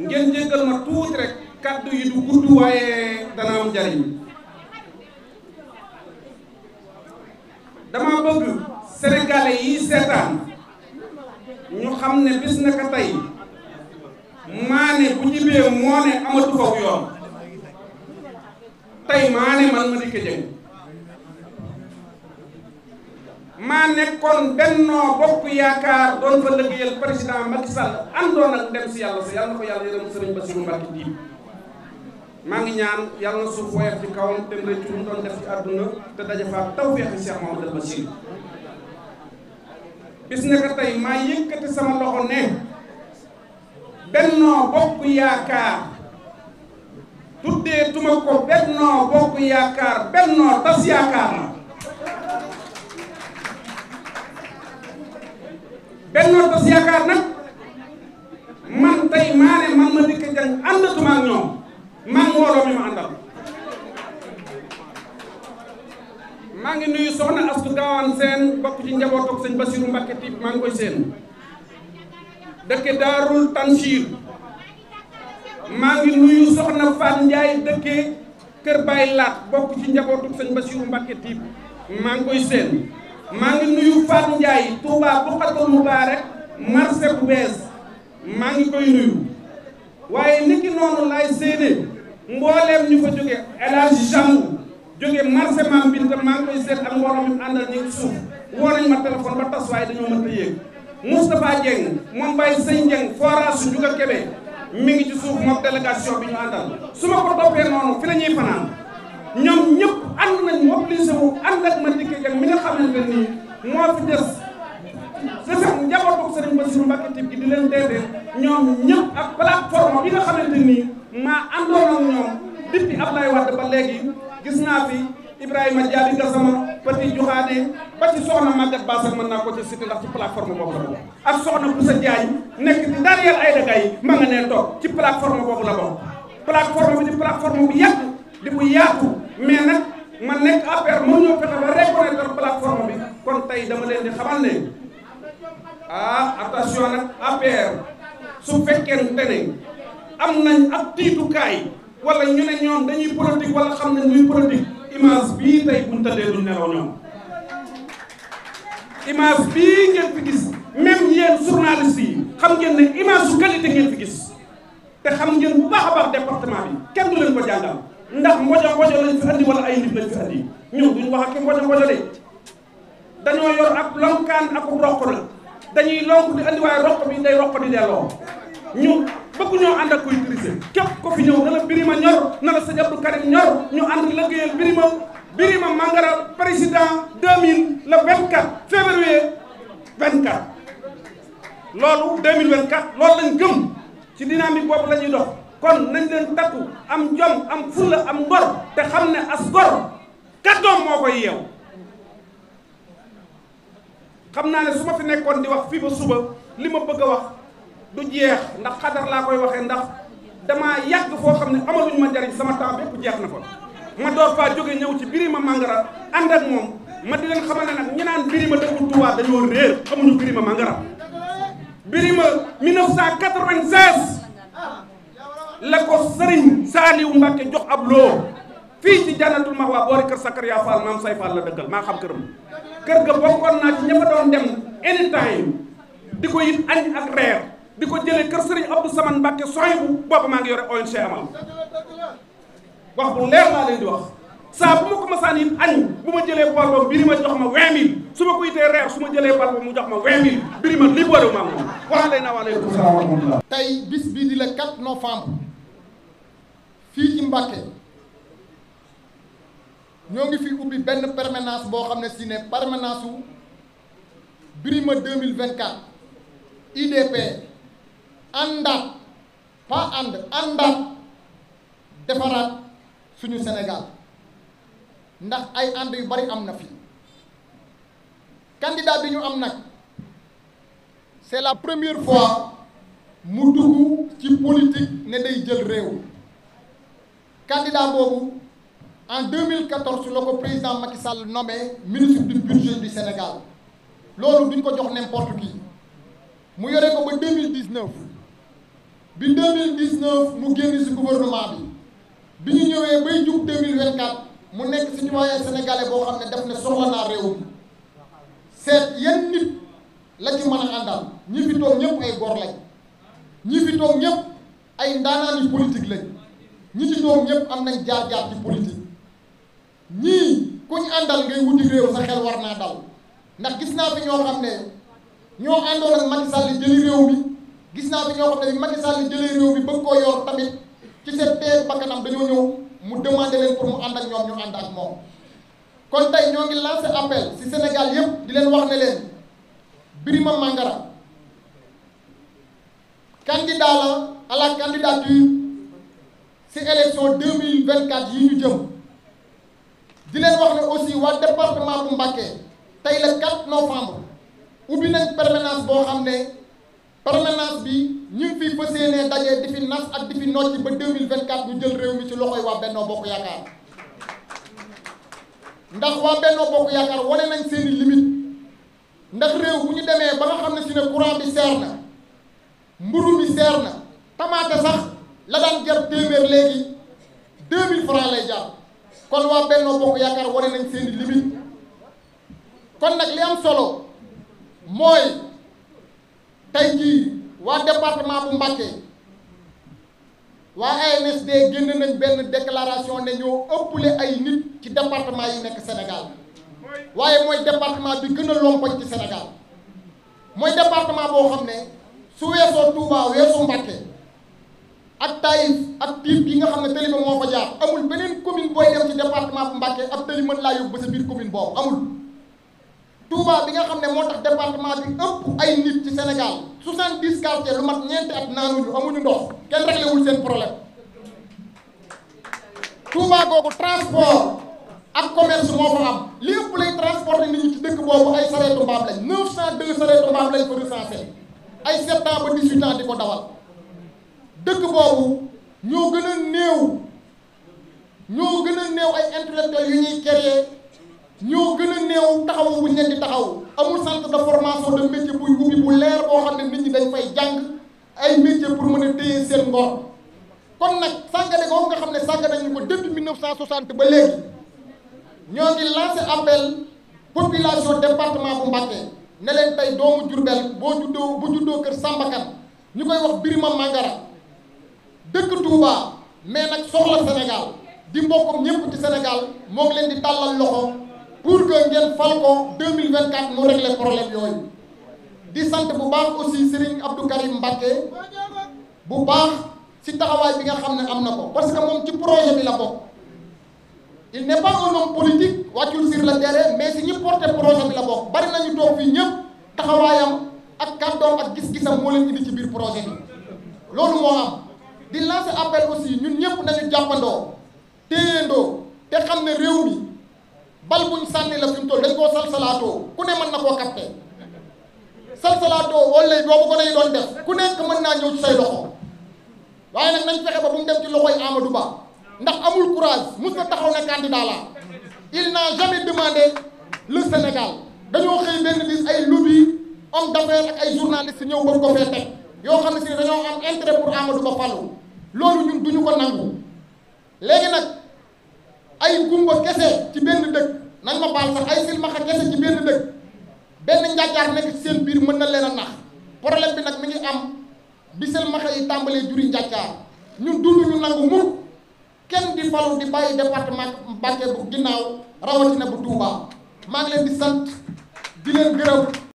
ngeen jéggal ma tuuti rek kàddu yi du gudd waaye dana am dama bëgg sénégalais yi seetaan ñu xam ne bis naka tey maane bu jibee moo ne amatu ko yoon tey maane man ma dikk jëng maa nekkoon bennoo bokk yaakaar doon fa liggéeyal président Macky Sall àndoon ak dem si yàlla si yàlla na ko yàlla yërëm sëriñ Bassirou Mbacké diim maa ngi ñaan yàlla na suuf woyof ci kawam dem rëccu mu doon def ci àdduna te daje fa tawfeexi Cheikh Mamadou Bassirou bis ne ko tey maa yëkkati sama loxo ne bennoo bokk yaakaar tuddee tuma ko bennoo bokk yaakaar bennoo tas yaakaar na Benno Bokk Yaakaar nag man tey maa ne man ma dikk jàng àndatuma ñoom maa ngi mbooloo mi ma àndal maa ngi nuyu soxna Astu Gaawaan seen bokk ci njaboot ak sëñ Basiru Mbàkke maa ngi koy seen dëkke Daarul Tansiir maa ngi nuyu soxna Faat Njaay dëkke Kër Baay Laat bokk ci njabootu sëñ Basiru Mbàkke maa ngi koy seen maa ngi nuyu Fatou Ndiaye Touba Boukhatoul Moubarak marché bu bees maa ngi koy nuyu waaye niki noonu laay séenee mbooleem ñu fa jóge El Hadj jóge marché Mame Binta maa ngi koy seet ak mbooloo mi suuf woo ma téléphone ba waaye dañoo mën a yéeg Moustapha Dieng moom Baye Sëñ Dieng Juga Kébé mi ngi moom délégation bi ñu àndal su ma ko noonu fi la fanaan ñoom ñëpp ànd nañ mobilisé wu ànd ak Madické Niang mi nga xamante nii sa sax njabootu Serigne Bassirou Mbacké Typ gi di ñoom ñëpp ak plateforme bi nga xamante nii maa àndoon ak gis naa fi Ibrahima Diaby Gassama Petit Dioukhane ba ci soxna Maguette Bass ak mën naa ko ci cité ndax ci plateforme boobu la bokk ak soxna Boussa Diagne nekk di derrière Aïda Gaye ma nga ne toog ci plateforme boobu la bokk plateforme bi di bu yàgg di bu yaatu mais man nekk affaire moo ñoo fexe ba reconnaître plateforme bi kon tey dama leen di xamal ne ah attention nag affaire su fekkente ne am nañ ab tiitukaay wala ñu ne ñoom dañuy politique wala xam nañ luy politique image bii tey bu ñu nelaw ñoom image bii ngeen fi gis même yéen journaliste yi xam ngeen ne image su qualité ngeen fi gis te xam ngeen bu baax a baax département bi kenn du leen ko jàngal. ndax mbojo mbojo lañ fi andi wala ay nit lañ fi andi ñun duñ wax ak ki mbojo mbojo de dañoo yor ak lonkaan ak roq la dañuy lonk di andi waaye roq bi day roq di delloo ñu bëgg ñoo ànd ak kuy crise képp ko fi ñëw na la Birima ñor na la sëñ Abdou Karim ñor ñu ànd liggéeyal Birima Birima Mangara président 2000 le 24 février 24 loolu 2024 loolu lañ gëm ci dynamique boobu la ñuy dox kon nañ leen takku am jom am fulla am ngor te xam ne as gor kàddoom moo koy yeew xam naa ne su ma fi nekkoon di wax fii ba suba li ma bëgg a wax du jeex ndax xadar laa koy waxee ndax damaa yàgg foo xam ne amaluñ ma njariñ sama temps bépp jeex na ko ma door faa jóge ñëw ci Birima Mangara ànd ak moom ma di leen xamal ne nag ñi naan Birima dëkkul Touba dañoo réer xamuñu Birima Mangara Birima 1996 la ko sëriñ Saaliwu Mbàkke jox ab loo fii ci jànnatul maxwa boori kër Sakariya Fall maam say Fall la dëkkal maa xam këram kër ga bokkoon naa ci ña fa doon dem any di ko yit añ ak reer di ko jëlee kër sëriñ Abdou Saman Mbàkke soxi bu booba maa ngi yore ONG amal wax bu leer laa leen di wax saa bu ma ko masaan yit añ bu ma jëlee bool ba biri ma jox ma 20000 su ma ko yitee reer su ma jëlee bool ba mu jox ma 20000 biri ma li boole maa moom wax tey bis bi di la 4 novembre. Mbàkke ñoo ngi fi ubbi benn permanence boo xam ne si ne permanence wu Birima 2024 IDP àndaat pas ànd àndaat defaraat suñu Sénégal ndax ay ànd yu bari am na fi candidat bi ñu am nag c'est la première fois mu dugg ci politique ne day jël réew candidat boobu en 2014 la ko président Macky Sall nommé ministre du budget du Sénégal loolu duñ ko jox n'importe qui mu yore ko ba 2019 bi 2019 mu génn ci gouvernement bi bi ñu ñëwee bay jub 2024 mu nekk citoyen sénégalais boo xam ne def ne soxla naa réew mi seet yan nit la ci mën a àndal ñi toog ñëpp ay gox lañ ñi toog ñëpp ay ndaanaani politique lañ. ñi ci doom am nañ jaar-jaar ci politique ñii kuñ àndal ngay wuti réew sa xel war naa dal ndax gis naa bi ñoo xam ne ñoo àndoon ak Macky Sall jëli réew mi gis naa bi Macky Sall jëlee réew mi bëgg koo yor tamit ci seen tee bakkanam dañoo ñëw mu demandé leen pour mu ànd ak ñoom ñu ànd ak moom kon tey ñoo ngi lancé appel ci Sénégal yëpp di leen wax ne leen Birima Mangara candidat la à si élection 2024 yi ñu jëm di leen wax ne aussi waa departement bu Mbacké tey le 4 novembre ubbi nañ permanence boo xam ne permanence bi ñu ngi fi fas yéenee daje di fi nas ak di fi nocci ba 2024 ñu jël réew mi ci loxoy waa Benno Bokk Yaakaar ndax waa Benno Bokk Yaakaar wane nañ seeni limite ndax réew bu ñu demee ba nga xam ne si ne courant bi seer na mburu bi seer na tamaate sax la daan jar téeméer léegi deux mille francs lay jar kon waa Benno Bokk Yaakaar wane nañ seen kon nag li am solo mooy tey jii waa département bu Mbacké waa ANSD génn nañ benn déclaration ne ñoo ëppale ay nit ci département yi nekk Sénégal waaye mooy département bi gën a lompoñ ci Sénégal mooy département boo xam ne su weesoo Touba weesu Mbacké ak Taïf ak Tiib yi nga xam ne tali ba moo ko jaar amul beneen commune booy dem ci département bu Mbacké ab tali mën laa yóbbu ba sa biir commune boobu amul Touba bi nga xam ne moo tax département bi ëpp ay nit ci Sénégal soixante-dix quartiers lu mat ñeenti at naanuñu amuñu ndox kenn réglewul seen problème Touba googu transport ak commerce moo fa am li ëpp lay transporter nit ñi ci dëkk boobu ay sareetu mbaam lañ neuf cent deux sareetu mbaam lañ ko recensé dëkk boobu ñoo gën a néew ñoo gën a néew ay intellectuels yu ñuy créer ñoo gën a néew taxawu bu ñu di taxaw amul centre de formation de métier buy ubbi bu leer boo xam ne nit ñi dañ fay jàng ay métier pour mën a téye seen ngor kon nag sàngane ko nga xam ne sàngane ñu ko depuis 1960 ba léegi ñoo ngi lancé appel population département bu Mbacké ne leen tey doomu Diourbel boo juddoo bu juddoo kër Samba Kane ñu koy wax Birima Mangara dëkk Touba mais nag soxla Sénégal di mbokkam ñëpp di Sénégal moo ngi leen di tàllal loxo pour que ngeen fal ko 2024 moo régler problème yooyu di sant bu baax aussi Serigne Abdou Karim Mbacké bu baax ci taxawaay bi nga xam ne am na ko parce que moom ci projet bi la bokk il n'est pas un homme politique wàccul sur le terrain mais si ñu porté projet bi la bokk bari nañu toog fii ñëpp taxawaayam ak kàddoom ak gis-gisam moo leen indi ci biir projet bi loolu moo di lancer appel aussi ñun ñëpp nañu jàppandoo téyendoo te xam ne réew mi bal buñ sànni la fi mu toll dañ koo salsalaatoo ku ne mën na koo capter salsalaatoo wala boobu ko lay doon def ku nekk mën naa ñëw ci say loxo waaye nag nañ fexe ba bu mu dem ci loxoy Amadou Ba ndax amul courage mus na taxaw ne candidat la il n'a jamais demandé le Sénégal dañoo xëy benn bis ay lobby homme d'affaires ak ay journalistes ñëw bëgg ko fee teg yoo xam ne si dañoo am intérêt pour Amadou Ba loolu ñu duñu ko nangu léegi nag ay gumba kese ci benn dëkk nañ ma baal na ay silmaxa kese ci benn dëkk benn njaajaar nekk ci seen biir mën na leen a nax problème bi nag mi ngi am bi silmaxa yi tàmbalee juri njaajaar ñun duñu nangu mukk kenn di falu di bàyyi département Mbacké bu ginnaaw rawatina bu Touba maa ngi leen di sant di leen gërëm